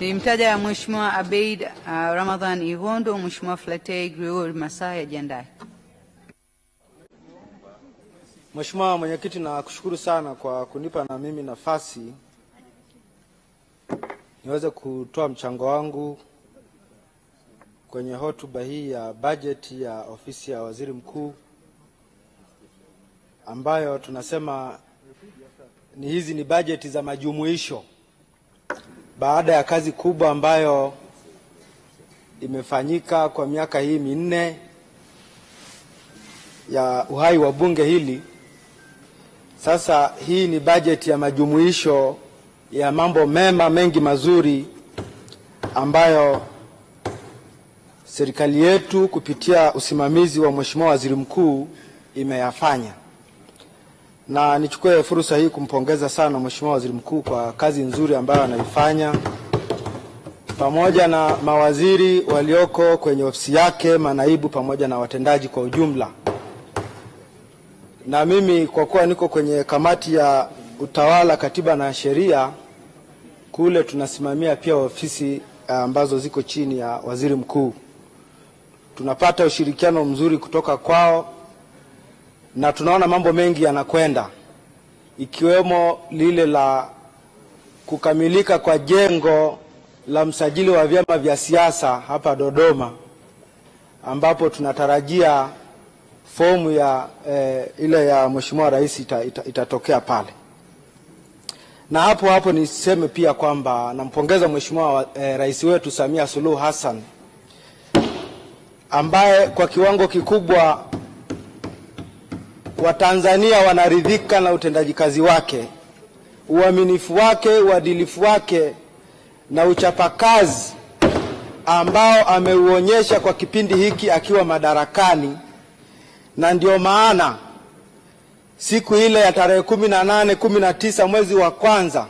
Nilimtaja Mheshimiwa Abeid uh, Ramadhan Igondo, Mheshimiwa Flatei Gregor Masaya ajiandae. Mheshimiwa Mwenyekiti, nakushukuru sana kwa kunipa na mimi nafasi niweze kutoa mchango wangu kwenye hotuba hii ya bajeti ya ofisi ya Waziri Mkuu ambayo tunasema ni hizi ni bajeti za majumuisho baada ya kazi kubwa ambayo imefanyika kwa miaka hii minne ya uhai wa bunge hili. Sasa hii ni bajeti ya majumuisho ya mambo mema mengi mazuri ambayo serikali yetu kupitia usimamizi wa Mheshimiwa Waziri Mkuu imeyafanya na nichukue fursa hii kumpongeza sana Mheshimiwa Waziri Mkuu kwa kazi nzuri ambayo anaifanya pamoja na mawaziri walioko kwenye ofisi yake, manaibu pamoja na watendaji kwa ujumla. Na mimi kwa kuwa niko kwenye kamati ya utawala, katiba na sheria, kule tunasimamia pia ofisi eh, ambazo ziko chini ya waziri mkuu, tunapata ushirikiano mzuri kutoka kwao na tunaona mambo mengi yanakwenda, ikiwemo lile la kukamilika kwa jengo la msajili wa vyama vya siasa hapa Dodoma, ambapo tunatarajia fomu ya eh, ile ya Mheshimiwa Rais ita, ita, itatokea pale. Na hapo hapo niseme pia kwamba nampongeza Mheshimiwa eh, Rais wetu Samia Suluhu Hassan ambaye kwa kiwango kikubwa Watanzania wanaridhika na utendaji kazi wake, uaminifu wake, uadilifu wake na uchapakazi ambao ameuonyesha kwa kipindi hiki akiwa madarakani, na ndio maana siku ile ya tarehe kumi na nane kumi na tisa mwezi wa kwanza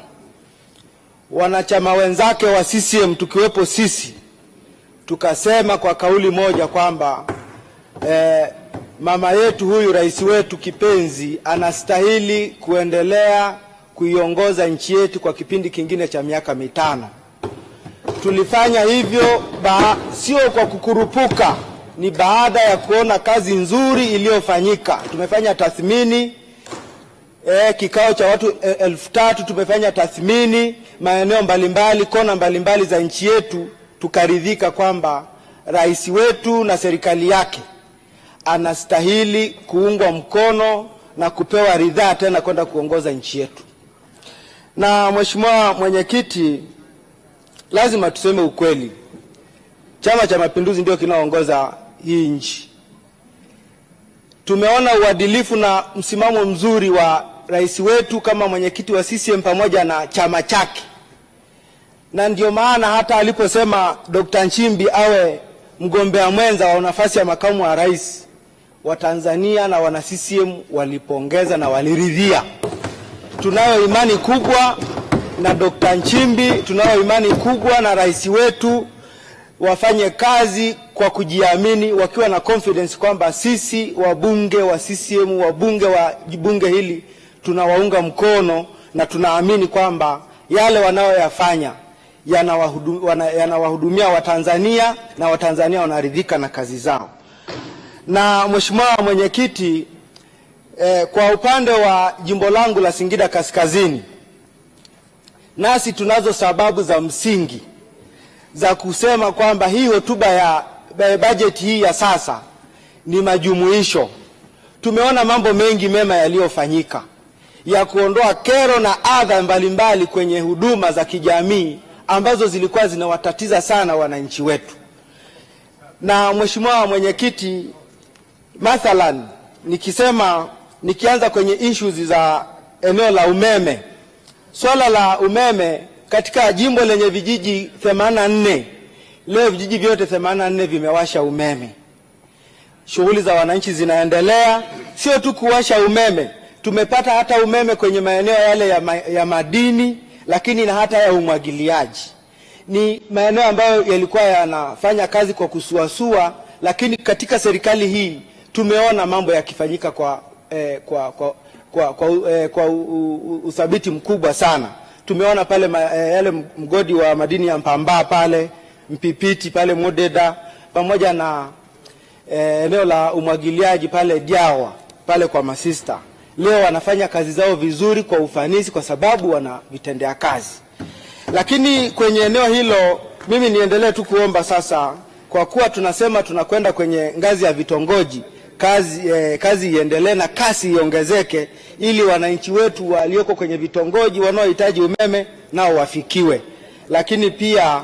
wanachama wenzake wa CCM tukiwepo sisi tukasema kwa kauli moja kwamba eh, mama yetu huyu rais wetu kipenzi anastahili kuendelea kuiongoza nchi yetu kwa kipindi kingine cha miaka mitano. Tulifanya hivyo ba, sio kwa kukurupuka, ni baada ya kuona kazi nzuri iliyofanyika. Tumefanya tathmini e, kikao cha watu e, elfu tatu. Tumefanya tathmini maeneo mbalimbali, kona mbalimbali za nchi yetu, tukaridhika kwamba rais wetu na serikali yake anastahili kuungwa mkono na kupewa ridhaa tena kwenda kuongoza nchi yetu. Na mheshimiwa mwenyekiti, lazima tuseme ukweli, Chama cha Mapinduzi ndio kinaoongoza hii nchi. Tumeona uadilifu na msimamo mzuri wa rais wetu kama mwenyekiti wa CCM pamoja na chama chake, na ndio maana hata aliposema Dr. Nchimbi awe mgombea mwenza wa nafasi ya makamu wa rais Watanzania na wana CCM walipongeza na waliridhia. Tunayo imani kubwa na Dkt. Nchimbi, tunayo imani kubwa na rais wetu. Wafanye kazi kwa kujiamini, wakiwa na confidence kwamba sisi wabunge wa CCM, wabunge wa bunge hili tunawaunga mkono na tunaamini kwamba yale wanayoyafanya yanawahudumia Watanzania na Watanzania wanaridhika na kazi zao. Na Mheshimiwa Mwenyekiti, eh, kwa upande wa jimbo langu la Singida Kaskazini, nasi tunazo sababu za msingi za kusema kwamba hii hotuba ya eh, bajeti hii ya sasa ni majumuisho. Tumeona mambo mengi mema yaliyofanyika ya kuondoa kero na adha mbalimbali kwenye huduma za kijamii ambazo zilikuwa zinawatatiza sana wananchi wetu. Na Mheshimiwa Mwenyekiti, Mathalan, nikisema nikianza kwenye issues za eneo la umeme, swala la umeme katika jimbo lenye vijiji 84 leo vijiji vyote 84 vimewasha umeme. Shughuli za wananchi zinaendelea, sio tu kuwasha umeme, tumepata hata umeme kwenye maeneo yale ya, ma, ya madini lakini na hata ya umwagiliaji. Ni maeneo ambayo yalikuwa yanafanya kazi kwa kusuasua, lakini katika serikali hii tumeona mambo yakifanyika kwa, eh, kwa, kwa, kwa, kwa, eh, kwa u, u, uthabiti mkubwa sana. Tumeona pale ma, eh, yale mgodi wa madini ya Mpambaa pale Mpipiti pale Modeda pamoja na eh, eneo la umwagiliaji pale Jawa pale kwa masista leo wanafanya kazi zao vizuri kwa ufanisi, kwa sababu wana vitendea kazi. Lakini kwenye eneo hilo, mimi niendelee tu kuomba sasa, kwa kuwa tunasema tunakwenda kwenye ngazi ya vitongoji kazi, eh, kazi iendelee na kasi iongezeke ili wananchi wetu walioko kwenye vitongoji wanaohitaji umeme nao wafikiwe. Lakini pia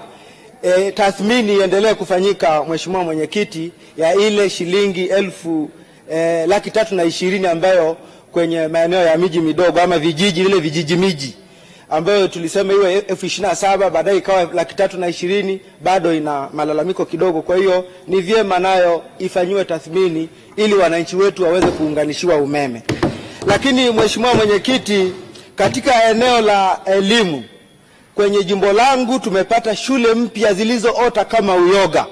eh, tathmini iendelee kufanyika, Mheshimiwa Mwenyekiti, ya ile shilingi elfu eh, laki tatu na ishirini ambayo kwenye maeneo ya miji midogo ama vijiji vile vijiji miji ambayo tulisema iwe elfu ishirini na saba baadaye ikawa laki tatu na ishirini bado ina malalamiko kidogo. Kwa hiyo ni vyema nayo ifanyiwe tathmini ili wananchi wetu waweze kuunganishiwa umeme. Lakini Mheshimiwa Mwenyekiti, katika eneo la elimu kwenye jimbo langu tumepata shule mpya zilizoota kama uyoga.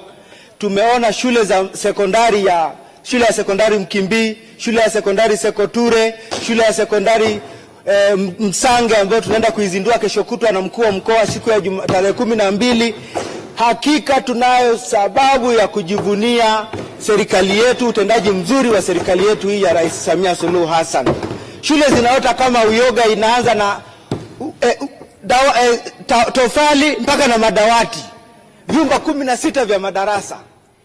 Tumeona shule za sekondari ya shule ya sekondari Mkimbii, shule ya sekondari Sekoture, shule ya sekondari e, Msange ambayo tunaenda kuizindua kesho kutwa na mkuu wa mkoa siku ya tarehe kumi na mbili. Hakika tunayo sababu ya kujivunia serikali yetu, utendaji mzuri wa serikali yetu hii ya Rais Samia Suluhu Hassan. Shule zinaota kama uyoga, inaanza na e, dawa, e, ta, tofali mpaka na madawati, vyumba kumi na sita vya madarasa.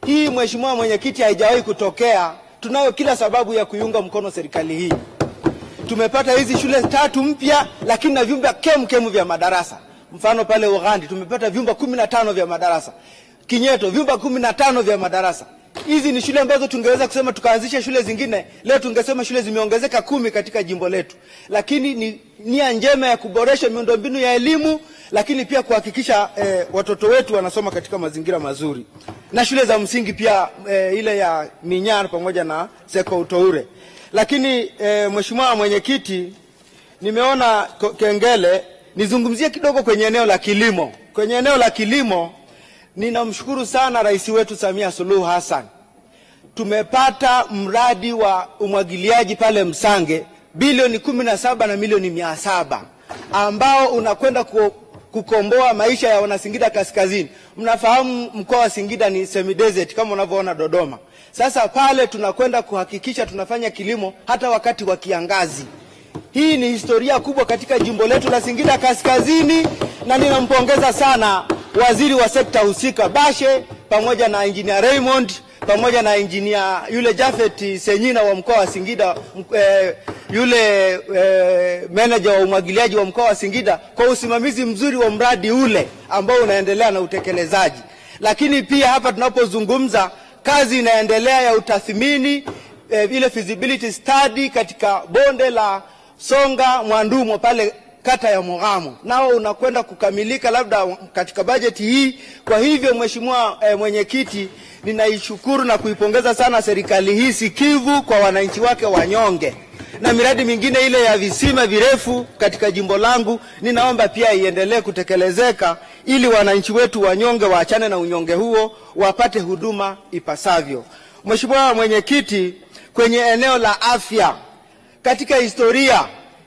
Hii Mheshimiwa Mwenyekiti, haijawahi kutokea. Tunayo kila sababu ya kuiunga mkono serikali hii tumepata hizi shule tatu mpya, lakini na vyumba kemkemu vya madarasa. Mfano pale Ughandi tumepata vyumba kumi na tano vya madarasa, Kinyeto vyumba kumi na tano vya madarasa. Hizi ni shule ambazo tungeweza kusema tukaanzisha shule zingine, leo tungesema shule zimeongezeka kumi katika jimbo letu, lakini ni nia njema ya kuboresha miundombinu ya elimu, lakini pia kuhakikisha eh, watoto wetu wanasoma katika mazingira mazuri, na shule za msingi pia eh, ile ya Minyar pamoja na Seko Utoure. Lakini e, Mheshimiwa Mwenyekiti, nimeona kengele nizungumzie kidogo kwenye eneo la kilimo. Kwenye eneo la kilimo ninamshukuru sana rais wetu Samia Suluhu Hassan, tumepata mradi wa umwagiliaji pale Msange bilioni kumi na saba na milioni mia saba ambao unakwenda kukomboa maisha ya wanasingida kaskazini. Mnafahamu mkoa wa Singida ni semi desert kama unavyoona Dodoma. Sasa pale tunakwenda kuhakikisha tunafanya kilimo hata wakati wa kiangazi. Hii ni historia kubwa katika jimbo letu la Singida Kaskazini, na ninampongeza sana waziri wa sekta husika Bashe pamoja na Engineer Raymond pamoja na engineer yule Jafet Senyina wa mkoa wa Singida eh, yule e, eh, meneja wa umwagiliaji wa mkoa wa Singida kwa usimamizi mzuri wa mradi ule ambao unaendelea na utekelezaji. Lakini pia hapa tunapozungumza, kazi inaendelea ya utathmini e, ile feasibility study katika bonde la Songa Mwandumo pale kata ya Mogamo nao unakwenda kukamilika labda katika bajeti hii. Kwa hivyo Mheshimiwa e, mwenyekiti, ninaishukuru na kuipongeza sana serikali hii sikivu kwa wananchi wake wanyonge na miradi mingine ile ya visima virefu katika jimbo langu ninaomba pia iendelee kutekelezeka ili wananchi wetu wanyonge waachane na unyonge huo wapate huduma ipasavyo. Mheshimiwa Mwenyekiti, kwenye eneo la afya, katika historia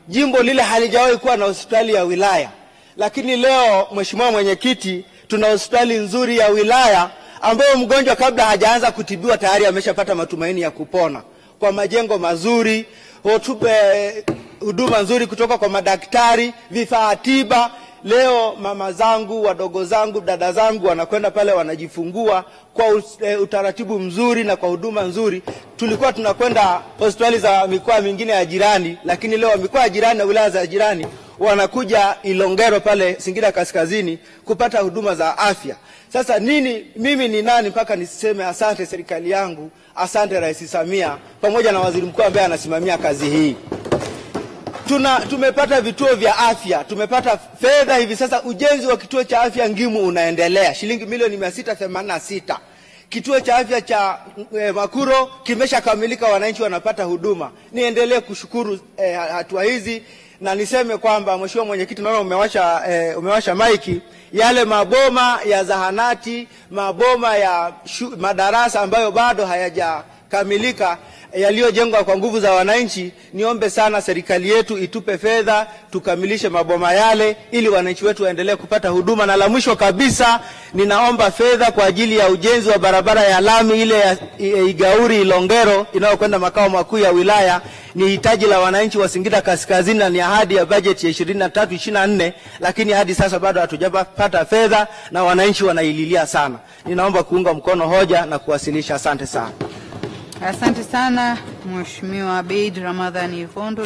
jimbo lile halijawahi kuwa na hospitali ya wilaya, lakini leo Mheshimiwa Mwenyekiti, tuna hospitali nzuri ya wilaya ambayo mgonjwa kabla hajaanza kutibiwa tayari ameshapata matumaini ya kupona kwa majengo mazuri watupe eh, huduma nzuri kutoka kwa madaktari, vifaa tiba. Leo mama zangu, wadogo zangu, dada zangu wanakwenda pale wanajifungua kwa eh, utaratibu mzuri na kwa huduma nzuri. Tulikuwa tunakwenda hospitali za mikoa mingine ya jirani, lakini leo mikoa ya jirani na wilaya za jirani wanakuja Ilongero pale Singida Kaskazini kupata huduma za afya. Sasa nini, mimi ni nani mpaka niseme asante serikali yangu asante Rais Samia pamoja na waziri mkuu ambaye anasimamia kazi hii. Tuna, tumepata vituo vya afya, tumepata fedha hivi sasa. Ujenzi wa kituo cha afya Ngimu unaendelea shilingi milioni sita. Kituo cha afya cha e, Makuro kimeshakamilika, wananchi wanapata huduma. Niendelee kushukuru e, hatua hizi na niseme kwamba mheshimiwa mwenyekiti, naona umewasha, eh, umewasha maiki. Yale maboma ya zahanati, maboma ya shu, madarasa ambayo bado hayajakamilika yaliyojengwa kwa nguvu za wananchi, niombe sana serikali yetu itupe fedha tukamilishe maboma yale ili wananchi wetu waendelee kupata huduma. Na la mwisho kabisa, ninaomba fedha kwa ajili ya ujenzi wa barabara ya lami ile ya Igauri Ilongero inayokwenda makao makuu ya wilaya. Ni hitaji la wananchi wa Singida Kaskazini na ni ahadi ya bajeti ya 23 24, lakini hadi sasa bado hatujapata fedha na wananchi wanaililia sana. Ninaomba kuunga mkono hoja na kuwasilisha. Asante sana. Asante sana Mheshimiwa Abeid Ramadhani Mfondo.